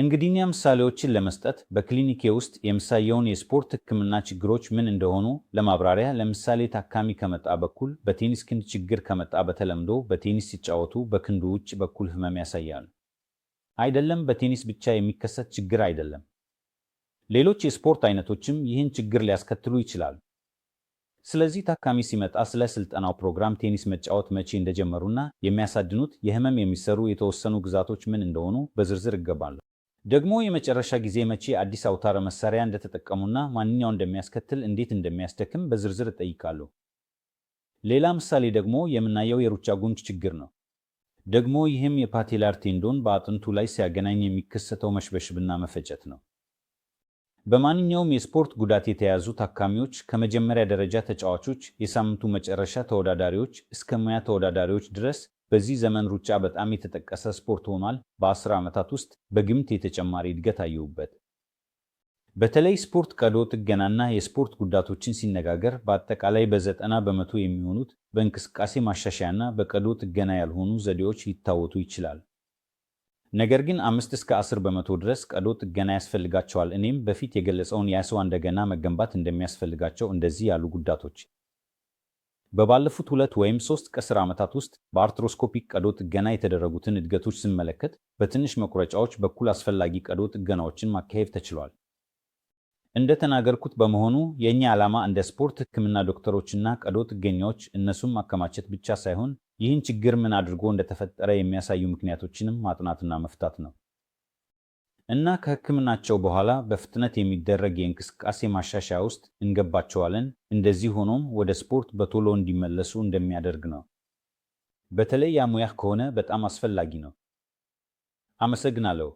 እንግዲኛ ምሳሌዎችን ለመስጠት በክሊኒኬ ውስጥ የምሳየውን የስፖርት ሕክምና ችግሮች ምን እንደሆኑ ለማብራሪያ ለምሳሌ ታካሚ ከመጣ በኩል በቴኒስ ክንድ ችግር ከመጣ በተለምዶ በቴኒስ ሲጫወቱ በክንዱ ውጭ በኩል ህመም ያሳያሉ። አይደለም በቴኒስ ብቻ የሚከሰት ችግር አይደለም። ሌሎች የስፖርት አይነቶችም ይህን ችግር ሊያስከትሉ ይችላሉ። ስለዚህ ታካሚ ሲመጣ ስለ ስልጠናው ፕሮግራም፣ ቴኒስ መጫወት መቼ እንደጀመሩና የሚያሳድኑት የህመም የሚሰሩ የተወሰኑ ግዛቶች ምን እንደሆኑ በዝርዝር እገባለሁ። ደግሞ የመጨረሻ ጊዜ መቼ አዲስ አውታረ መሳሪያ እንደተጠቀሙና ማንኛው እንደሚያስከትል እንዴት እንደሚያስደክም በዝርዝር እጠይቃሉ። ሌላ ምሳሌ ደግሞ የምናየው የሩጫ ጉንጭ ችግር ነው። ደግሞ ይህም የፓቴላር ቴንዶን በአጥንቱ ላይ ሲያገናኝ የሚከሰተው መሽበሽብና መፈጨት ነው። በማንኛውም የስፖርት ጉዳት የተያዙ ታካሚዎች ከመጀመሪያ ደረጃ ተጫዋቾች፣ የሳምንቱ መጨረሻ ተወዳዳሪዎች እስከ ሙያ ተወዳዳሪዎች ድረስ በዚህ ዘመን ሩጫ በጣም የተጠቀሰ ስፖርት ሆኗል። በአስር ዓመታት ውስጥ በግምት የተጨማሪ እድገት አየሁበት። በተለይ ስፖርት ቀዶ ጥገናና የስፖርት ጉዳቶችን ሲነጋገር በአጠቃላይ በዘጠና በመቶ የሚሆኑት በእንቅስቃሴ ማሻሻያና በቀዶ ጥገና ያልሆኑ ዘዴዎች ሊታወቱ ይችላል። ነገር ግን አምስት እስከ አስር በመቶ ድረስ ቀዶ ጥገና ያስፈልጋቸዋል። እኔም በፊት የገለጸውን የአስዋ እንደገና መገንባት እንደሚያስፈልጋቸው እንደዚህ ያሉ ጉዳቶች በባለፉት ሁለት ወይም ሶስት ቀስር ዓመታት ውስጥ በአርትሮስኮፒክ ቀዶ ጥገና የተደረጉትን እድገቶች ስንመለከት በትንሽ መቁረጫዎች በኩል አስፈላጊ ቀዶ ጥገናዎችን ማካሄድ ተችሏል። እንደተናገርኩት በመሆኑ የእኛ ዓላማ እንደ ስፖርት ሕክምና ዶክተሮችና ቀዶ ጥገኛዎች እነሱን ማከማቸት ብቻ ሳይሆን ይህን ችግር ምን አድርጎ እንደተፈጠረ የሚያሳዩ ምክንያቶችንም ማጥናትና መፍታት ነው። እና ከህክምናቸው በኋላ በፍጥነት የሚደረግ የእንቅስቃሴ ማሻሻያ ውስጥ እንገባቸዋለን። እንደዚህ ሆኖም ወደ ስፖርት በቶሎ እንዲመለሱ እንደሚያደርግ ነው። በተለይ ያ ሙያህ ከሆነ በጣም አስፈላጊ ነው። አመሰግናለሁ።